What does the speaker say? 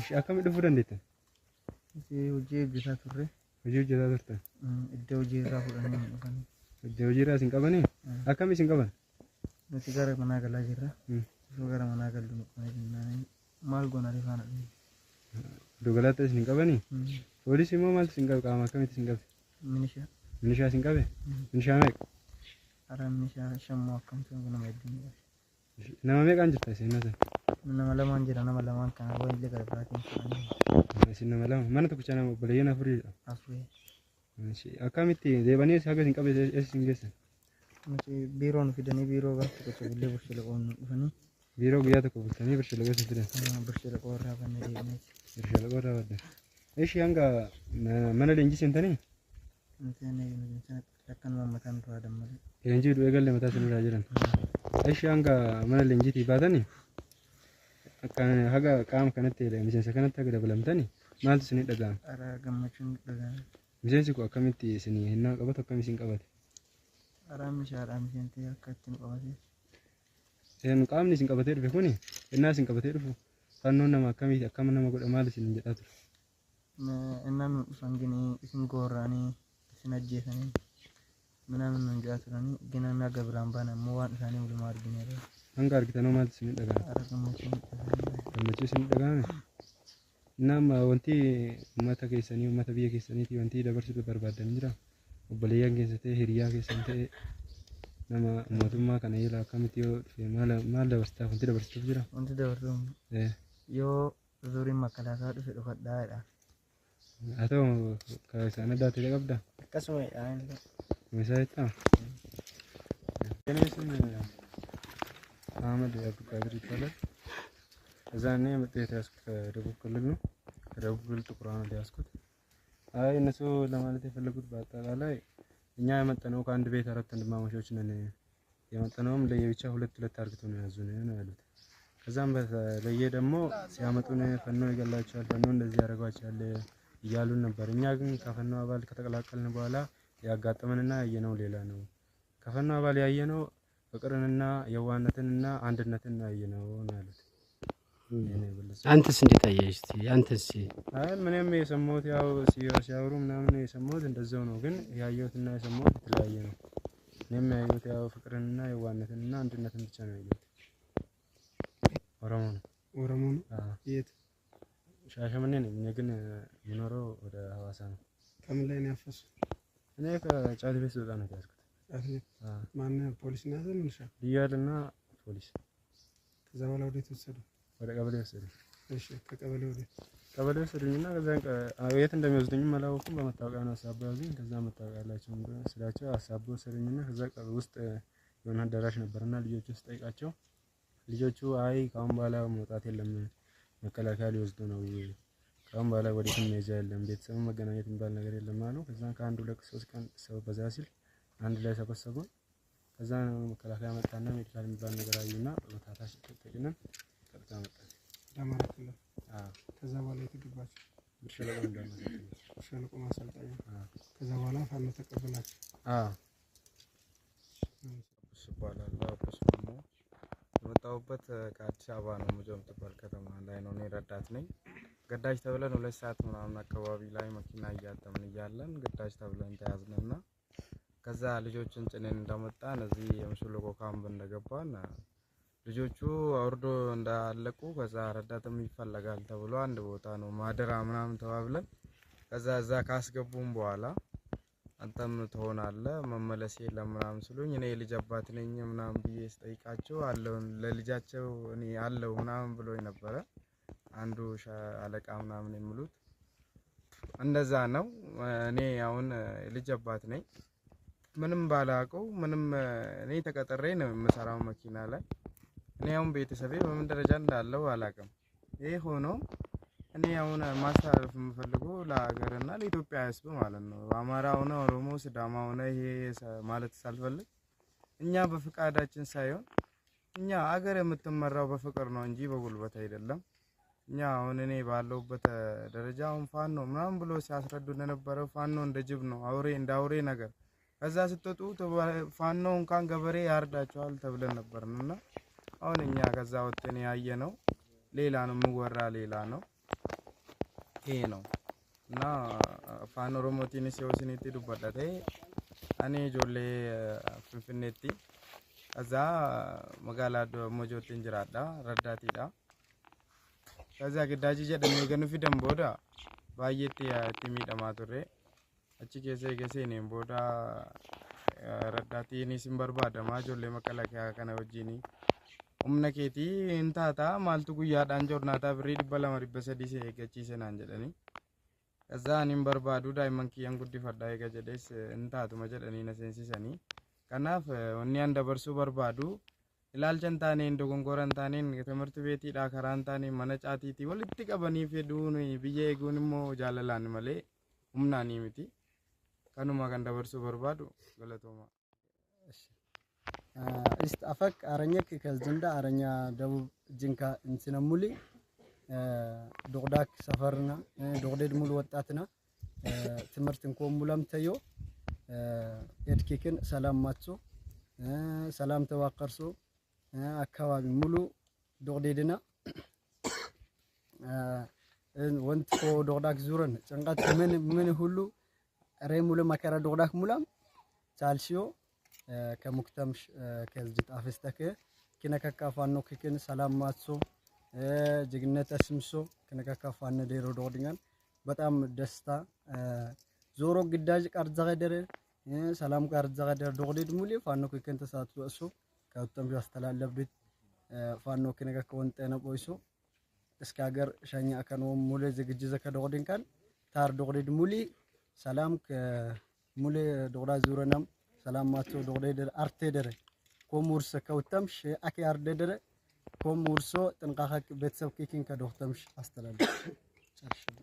እሺ አከም ድፉ ደንዴት እዚ ውጂ ጅሳ ቱሬ ውጂ ጅሳ ቱሬ እደ ውጂ ራ ሁዳኒ እደ ውጂ ራ ሲንቀበኒ አከም ሲንቀበን ነቲ ጋር መናገላ ጅራ እሱ ጋር መናገል ድሙ ቆይና ማል ጎና ሪፋና ዶገላተ ሲንቀበኒ ፖሊስ ሞ ማል ሲንቀብ ቃማ አከም ሲንቀብ ምንሻ ምንሻ ሲንቀበ ምንሻ ማይ አራ ምንሻ ሸማ አከም ሲንቀበ ነው ያድኝ nama meeqaan jirta isin natan Nanamalama an jira namalamaan kana waan illee gara biraatiin fudhanii. Isin namalama mana tokkicha nama obbola yeen afuridha. Afuri. Akkamitti deebanii haga isin qabe eessin geessan? Nuti biiroo nu fidanii biiroo bakka tokko illee bulchila qoonu dhufanii. Biiroo guyyaa tokko bulchanii bulchila qoonu fidan. Bulchila qoorraa banna deemnee. Bulchila qoorraa badda. Ishi hanga mana leenjii seentanii? Nuti akkanuma mataan duraa dammalee. Leenjii du'ee galle mataa sinirraa jiran. Ishi ah. hanga mana leenjiitii baatanii? haga qaama kanatti jedhee miseensa kanatti haga dabalamtanii maaltu isin dhaga'ame? Araa gammachuun dhaga'ame. Miseensi kun akkamitti isin hinnaa qabatu akkam isin qabate? Araa mishaadhaa miseentee akka ittiin qabate. Qaamni isin qabatee dhufe kuni hinnaa isin qabatee dhufu fannoon nama akkamiiti akkama nama godha maal isin jedhaa ture? Innaan dhufan gini isin goorraanii isin ajjeesanii. ምናምን መንግስት ነው ገናና ገብራን ባና ሞዋን ሳኔ ሙሉ ማርግ ነው አንጋ አርግተ ነው ማለት ስንደጋ ተመቼ ስንደጋ ነው እናም ወንቲ ማታ ከሰኒ ማታ ቢየ ከሰኒ ቲ ወንቲ ደበርሱ በርባደ ምንጅራ ኦቦለያን ከሰተ ሂሪያ ከሰንተ nama mootummaa kana jala akkamitti yoo dhufe maal dabarsitaa wanti dabarsituuf jira wanti dabarsuuf yoo zuriin makkalaasaa dhufe dhufadhaa jedha haa ta'u kan isaan መሳይት ነው። የኔ ስም አህመድ አብዱቃድር ይባላል። እዛ እኔ መጤ የተያዝኩት ከደቡብ ክልል ነው። ከደቡብ ክልል ጥቁር አህመድ ያዝኩት። አይ እነሱ ለማለት የፈለጉት በአጠቃላይ እኛ የመጠነው ከአንድ ቤት አራት ወንድማማቾች ነን። የመጠነውም ለየብቻ ሁለት ሁለት አርግቶ ነው ያዙን ነው ያሉት። ከዛም በተለየ ደግሞ ሲያመጡን ፈኖ ይገላቸዋል፣ ፈኖ እንደዚህ ያደርጓቸዋል እያሉን ነበር። እኛ ግን ከፈኖ አባል ከተቀላቀልን በኋላ ያጋጠመንና ያየነው ሌላ ነው። ከፈና አባል ያየነው ፍቅርንና የዋህነትንና አንድነትን ያየነው ነው ያሉት። አንተስ እንዴት አየሽ? እስቲ አንተስ? አይ ምንም የሰማሁት ያው ሲያወሩ ምናምን የሰማሁት እንደዛው ነው፣ ግን ያየሁትና የሰማሁት የተለያየ ነው። እኔም ያየሁት ያው ፍቅርንና የዋህነትንና አንድነትን ብቻ ነው ያየሁት። ኦሮሞ ነው ኦሮሞ ነው። የት? ሻሸመኔ ነኝ። እኔ ግን የምኖረው ወደ ሀዋሳ ነው። ከምን ላይ ነው ያፈሱ እኔ ከጫት ቤት ስወጣ ነው የተያዝኩት። ማን ፖሊስ ነው ያዘ? ዘምንሻ ልያል እና ፖሊስ። ከዛ በኋላ ወዴት ወሰዱ? ወደ ቀበሌ ወሰዱ። እሺ፣ ከቀበሌ ወዴት? ቀበሌ ወሰዱኝ እና ከዛ የት እንደሚወስዱኝም አላወኩም። በመታወቂያ ነው አሳቦ ያዙኝ። ከዛ መታወቂያ ያላቸው ስላቸው አሳቦ ወሰዱኝ እና ከዛ ውስጥ የሆነ አዳራሽ ነበርና ልጆቹ ስጠይቃቸው ልጆቹ አይ ከአሁን በኋላ መውጣት የለም መከላከያ ሊወስዱ ነው ከአሁን በኋላ ወዴትም መሄጃ የለም፣ ቤተሰብ መገናኘት የሚባል ነገር የለም አሉ። ከዛ ከአንድ ሁለት ሶስት ቀን ሰው በዛ ሲል አንድ ላይ ሰበሰቡን። ከዛ መከላከያ መጣና ሜዲካል የሚባል ነገር አዩና በታታሽ ተጠቅነን ቀጥታ መጣ ለማለት ነው። ከዛ በኋላ ማሰልጠኛ ከዛ በኋላ ፋኖ ተቀበላቸው። የመጣሁበት ከአዲስ አበባ ነው። ሙጆ የምትባል ከተማ ላይ ነው። እኔ ረዳት ነኝ። ግዳጅ ተብለን ሁለት ሰዓት ምናምን አካባቢ ላይ መኪና እያጠምን እያለን ግዳጅ ተብለን ተያዝንና ከዛ ልጆችን ጭኔን እንደመጣን እዚህ የምሽልቆ ካምፕ እንደገባን ልጆቹ አውርዶ እንዳለቁ ከዛ ረዳትም ይፈለጋል ተብሎ አንድ ቦታ ነው ማደራ ምናምን ተባብለን ከዛ እዛ ካስገቡም በኋላ አንተም ትሆናለህ መመለስ የለም ምናምን ስሉኝ እኔ የልጅ አባት ነኝ ምናምን ብዬ ስጠይቃቸው አለውን ለልጃቸው እኔ አለው ምናምን ብሎኝ ነበረ። አንዱ አለቃ ምናምን የሚሉት እንደዛ ነው። እኔ አሁን የልጅ አባት ነኝ ምንም ባላውቀው ምንም እኔ ተቀጥሬ ነው የምሰራው መኪና ላይ። እኔ አሁን ቤተሰቤ በምን ደረጃ እንዳለው አላውቅም። ይህ ሆኖ እኔ አሁን ማስተላለፍ የምፈልገው እና ለኢትዮጵያ ሕዝብ ማለት ነው። አማራ ሆነ ኦሮሞ፣ ስዳማ ሆነ ይሄ ማለት ሳልፈልግ እኛ በፍቃዳችን ሳይሆን እኛ ሀገር የምትመራው በፍቅር ነው እንጂ በጉልበት አይደለም። እኛ አሁን እኔ ባለሁበት ደረጃ አሁን ፋኖ ምናምን ብሎ ሲያስረዱ እንደነበረው ፋኖ እንደ ጅብ ነው አውሬ እንደ አውሬ ነገር ከዛ ስትወጡ ፋኖ እንኳን ገበሬ ያርዳቸዋል ተብለን ነበርንና አሁን እኛ ከዛ ወጥን ያየ ነው ሌላ ነው የምወራ ሌላ ነው ይሄ ነው እና አፋን ኦሮሞቲን ሲወስኒቲ ዱበዳቴ አኔ ጆሌ ፍንፍኔቲ ከዛ መጋላ ሞጆቲ እንጅራዳ ረዳቲዳ ከዛ ግዳጅ ጀደሜ ገኑፊ ደንቦዳ ባየቲ ያቲሚ ደማቱሬ አቺ ኬሴ ገሴኔን ቦዳ ረዳቲኒ ሲንበርባደማ ጆሌ መከላከያ ከነ ወጂኒ humna keetii hin taataa maaltu guyyaadhaan jornaataa birrii dhibba lama dhibba sadii si eeggachiise naan jedhanii kazaa hin barbaadu daa'imman kiyyan guddifadha eega jedhees hin taatuma jedhanii na seensisanii kanaaf wanni an dabarsuu barbaadu ilaalcha hin taaneen dogongora hin taaneen timirti beetiidhaa karaa hin taaneen mana caatiitii walitti qabanii fedhuun biyya eeguun immoo jaalalaan malee humnaanii miti kanuma kan dabarsuu barbaadu galatooma. ኢስት ኢስጣፈቅ አረኘክ ከዝንዳ አረኛ ደቡብ ጅንካ እንስነ ሙሊ ዶቅዳክ ሰፈርና ዶቅዴድ ሙሉ ወጣትና ትምህርት እንኮም ሙላም ተዮ ኤድኪክን ሰላም ማቾ ሰላም ተዋቀርሶ አካባቢ ሙሉ ዶቅዴድና ወንት ኮ ዶቅዳክ ዙረን ጭንቀት ምን ምን ሁሉ ሬ ሙሉ መከራ ዶቅዳክ ሙላም ቻልሽዮ ከሙክተም ከሙክተምሽ ከዝድት አፍስተከ ኪነከካፋኖ ክክን ሰላም ማሶ ጅግነት ስምሶ ኪነከካፋነ ዴሮ ዶድኛን በጣም ደስታ ዞሮ ግዳጅ ቃር ዘገደረ ሰላም ዘገደረ ዶግሊድ ሙሊ ፋኖ ክክን ተሳትፎ እሱ ከሙክተምሽ አስተላለብድት ፋኖ ኪነከከወን ጠነቆይሶ እስከ ሀገር ሸኛ ከነውም ሙሌ ዝግጅ ዘከዶግድን ካን ታር ዶግሊድ ሙሊ ሰላም ሙሌ ዶግዳ ዙረናም salaamaato doqdeedere arteedere ኮሙርሰ ከውተምሽ አኬ አርደደረ ኮሙርሶ ጥንቃቄ ቤተሰብ ኪኪን ከዶክተምሽ አስተላለፍ ጨርሽ